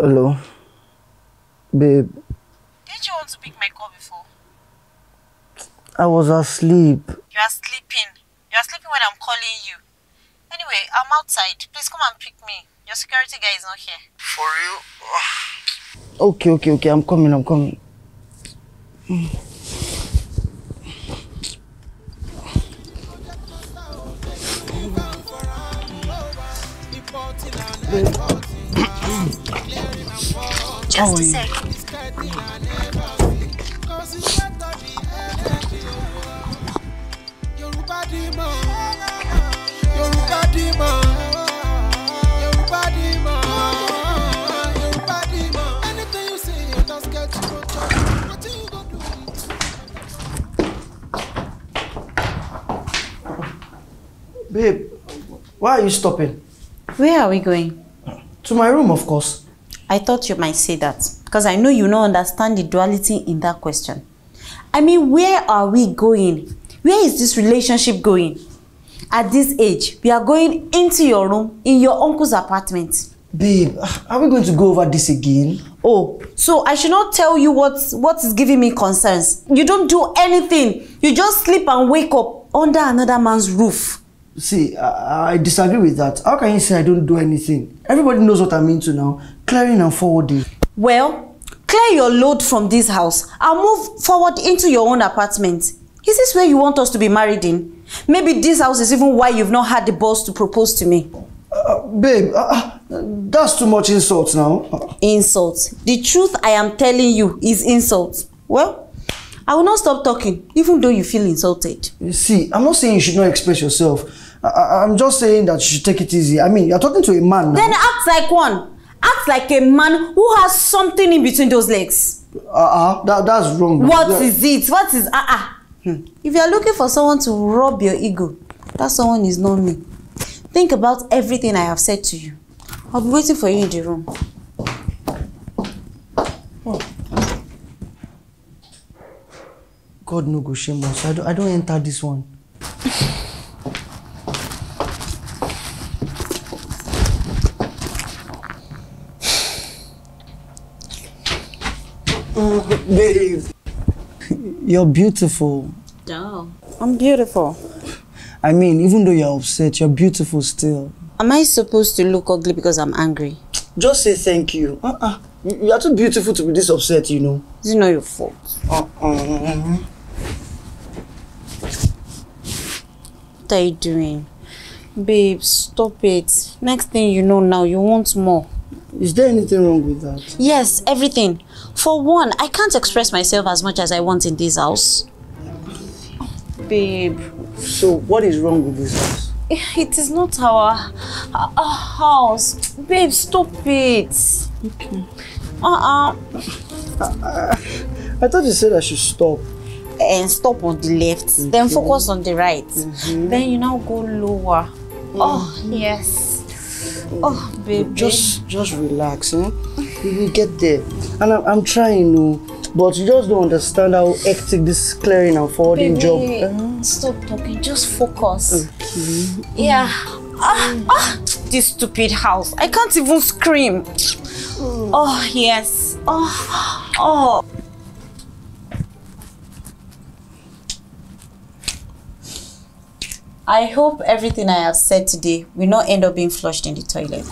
Hello. Babe. Did you want to pick my call before? I was asleep. You are sleeping. You are sleeping when I'm calling you. Anyway, I'm outside. Please come and pick me. Your security guy is not here. For you? okay, okay, okay. I'm coming. I'm coming. Mm. Just a oh, sec. Babe, why are you stopping? Where are we going? To my room, of course. I thought you might say that because I know you don't understand the duality in that question. I mean, where are we going? Where is this relationship going? At this age, we are going into your room in your uncle's apartment. Babe, are we going to go over this again? Oh, so I should not tell you what, what is giving me concerns. You don't do anything. You just sleep and wake up under another man's roof. see, I, I disagree with that. How can you say I don't do anything? Everybody knows what I'm into now. Clearing and forwarding. Well, clear your load from this house I'll move forward into your own apartment. Is this where you want us to be married in? Maybe this house is even why you've not had the balls to propose to me. Uh, uh babe, uh, uh, that's too much insult now. Uh, insult. The truth I am telling you is insult. Well, I will not stop talking, even though you feel insulted. see, I'm not saying you should not express yourself. I I'm just saying that you should take it easy. I mean, you're talking to a man now. Then act like one. Act like a man who has something in between those legs. Uh-uh, that, that's wrong. What yeah. is it? What is uh-uh? Hmm. If you're looking for someone to rub your ego, that someone is not me. Think about everything I have said to you. I'll be waiting for you in the room. God no go shame us. I don't, I don't enter this one. Oh, Babe, you're beautiful. Duh, I'm beautiful. I mean, even though you're upset, you're beautiful still. Am I supposed to look ugly because I'm angry? Just say thank you. Uh-uh. you are too beautiful to be this upset, you know. It's not your fault. Uh-uh. what are you doing? Babe, stop it. Next thing you know now, you want more. Is there anything wrong with that? Yes, everything. For one, I can't express myself as much as I want in this house. Babe. So, what is wrong with this house? It is not our, our house. Babe, stop it. Okay. Uh-uh. I, I, I thought you said I should stop and stop on the left, mm -hmm. then mm-hmm. focus on the right. Mm -hmm. Then you now go lower. Mm-hmm. Oh, yes. Mm-hmm. Oh, baby. Just just relax, eh? you will get there. And I'm, I'm trying, no, oh, but you just don't understand how hectic this clearing and forwarding baby, job. Uh -huh. Stop talking, just focus. Okay. Yeah. Ah, ah, this stupid house. I can't even scream. Mm. Oh, yes. Oh, oh. I hope everything I have said today will not end up being flushed in the toilet.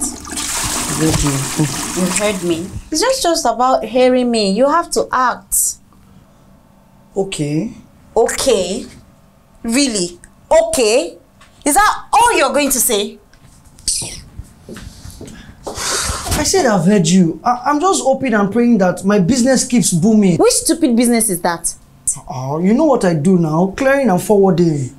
You heard me. It's just just about hearing me. You have to act. Okay. Okay? Really? Okay? Is that all you're going to say? I said I've heard you. I I'm just hoping and praying that my business keeps booming. Which stupid business is that? Oh, you know what I do now? Clearing and forwarding.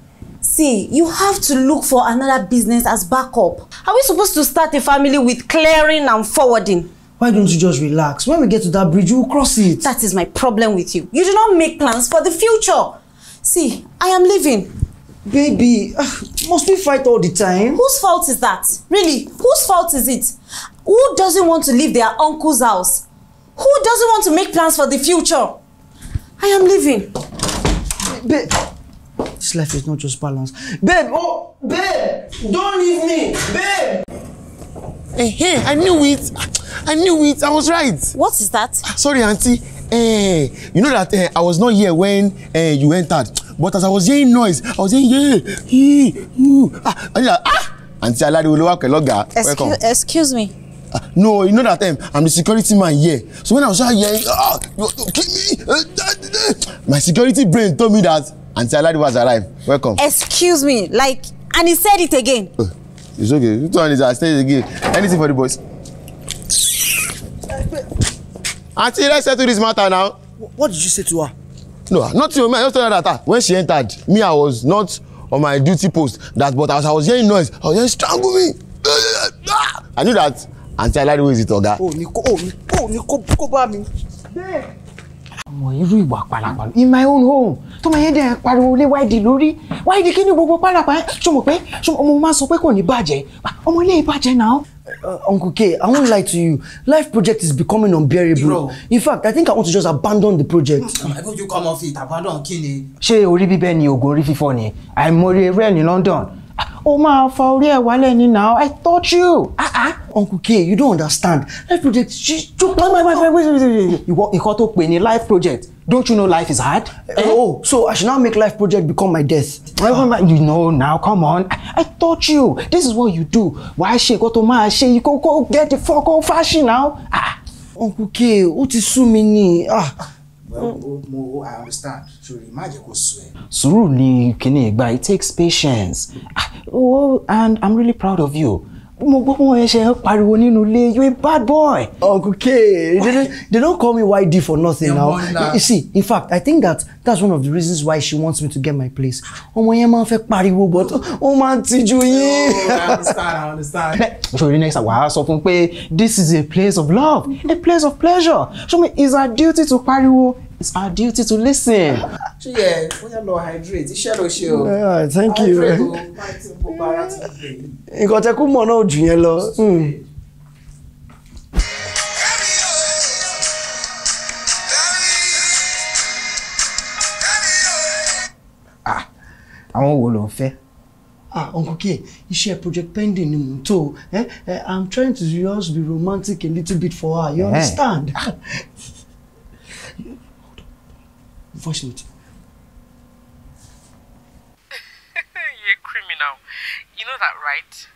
See, you have to look for another business as backup. Are we supposed to start a family with clearing and forwarding? Why don't you just relax? When we get to that bridge, we'll cross it. That is my problem with you. You do not make plans for the future. See, I am leaving. Baby, ah, must we fight all the time? Whose fault is that? Really, whose fault is it? Who doesn't want to leave their uncle's house? Who doesn't want to make plans for the future? I am leaving. Ba This life is not just balance. Babe, oh, babe, don't leave me, babe. Hey, hey, I knew it. I knew it. I was right. What is that? Ah, sorry, auntie. hey, eh, you know that eh, I was not here when eh, you entered. But as I was hearing noise, I was hearing yeah, he, ooh, ah, and like, ah, auntie Alariwo Olowa Keloga. Excuse, excuse me. Uh, no, you know that um, I'm the security man here. So when I was out here, ah, uh, kill me. Uh, my security brain told me that Auntie Aladi was alive. Welcome. Excuse me, like, and he said it again. Uh, it's okay. You turn it, I said it again. Anything for the boys. Auntie, let's settle this matter now. What did you say to her? No, not to me. I just tell her that ah, when she entered, me, I was not on my duty post. That, but as I was hearing noise, I was hearing strangle me. Ah! I knew that Auntie Aladi was it, Oga. Oh, Nico, oh, Nico, oh, Nico, Nico, Bami. There ọmọ irú ìwà pàlàpàlà in my own home tó máa yẹn dẹ̀ pariwo lé wáìdì lórí wáìdì kí ni gbogbo pàlàpàlà ṣùgbọ́n pé ọmọ máa sọ pé kò ní bàjẹ́ ọmọ ilé ìbàjẹ́ náà. Uh, Uncle K, I won't lie to you. Life project is becoming unbearable. Bro. In fact, I think I want to just abandon the project. I ah, thought you come off it, abandon kí ni. Ṣé orí bíbẹ́ ni oògùn orí fífọ́ ni? Àìmọye rẹ̀ ní London o máa fa orí ẹ̀ wálẹ̀ ni now i taught you. ah ah uncle k you don't understand life project she joke. wait wait wait wait wait wait ìwọ nǹkan tó pè ní life project don't you know life is hard. Eh? Oh, oh so i should now make life project become my death. wait wait wait you know now come on i, I taught you this is what you do wàá ṣe nǹkan tó máa ṣe you go go get the fok old fashion now. ah uncle k ó ti sú mi ni. ah mo i understand sori má jẹ́ kó sú ẹ. sùúrù ni kìnìún ìgbà it takes patience. Ah, oh and i'm really proud of you mo gbọ́ wọn ẹsẹ̀ pariwo nínú ilé you a bad boy. uncle k they don't, call me yd for nothing now you see in fact i think that that's one of the reasons why she wants me to get my place ọmọ yẹn máa ń fẹ́ pariwo but ó máa ń tijú yín. i understand i understand. sori next wàá sọ fún pé this is a place of love a place of pleasure Show me, it's our duty to pariwo It's our duty to listen. ṣé yẹ bóyá lọ hydrate iṣẹ́ ló ṣe o. thank you. nǹkan tẹ kú mọ̀ náà jù yẹn lọ. Ah, àwọn wo ló ń fẹ́. ah uncle k iṣẹ́ project pending ni mo ń tó eh, eh, i'm trying to just be romantic a little bit for her you eh, understand. Ah, unfortunate. You're a criminal. You know that, right?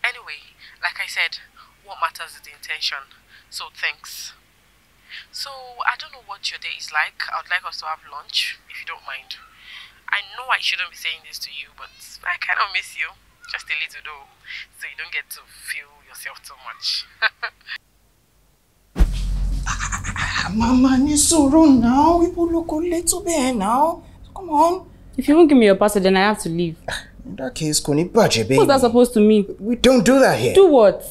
Anyway, like I said, what matters is the intention. So thanks. So I don't know what your day is like. I would like us to have lunch, if you don't mind. I know I shouldn't be saying this to you, but I kind of miss you. Just a little though, so you don't get to feel yourself too much. Mama, ní sùúrù now. We will look a little bit now. Come on. If you won't give me your passport, then I have to leave. In that case, kò ní bàjẹ́, baby. What's that supposed to mean? We don't do that here. Do what?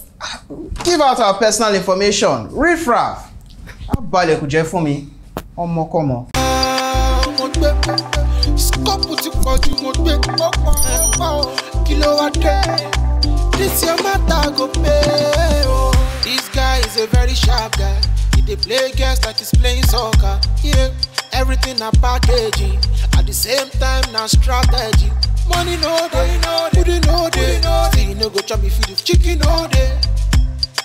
Give out our personal information. Riffraff. How bad kù jẹ́ fún mi. Ọmọkọ́mọ. Mo gbé skóòpù ti oh. This guy is a very sharp guy. He dey play guest like he's playing soccer. Yeah, everything a packaging. At the same time na strategy. Money no day, food no day, still no go chop if you chicken no day.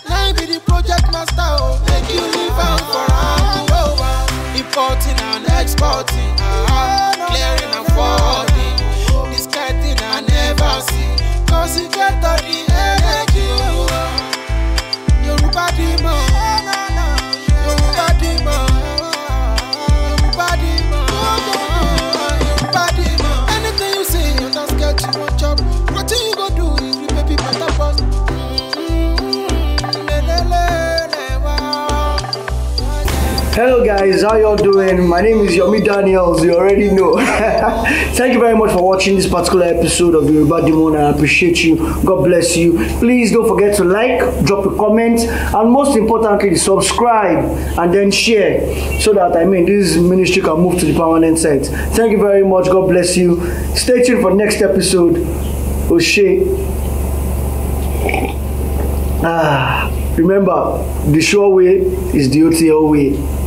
Now be the project master, oh, make you live out for all Importing and exporting, uh-huh. clearing and forward. Hello guys, how y'all doing? My name is Yomi Daniels, you already know. Thank you very much for watching this particular episode of Yoruba Demon. I appreciate you. God bless you. Please don't forget to like, drop a comment, and most importantly, subscribe and then share so that I mean this ministry can move to the permanent site. Thank you very much. God bless you. Stay tuned for next episode. Oshé. Ah, remember, the sure way is the OTL way.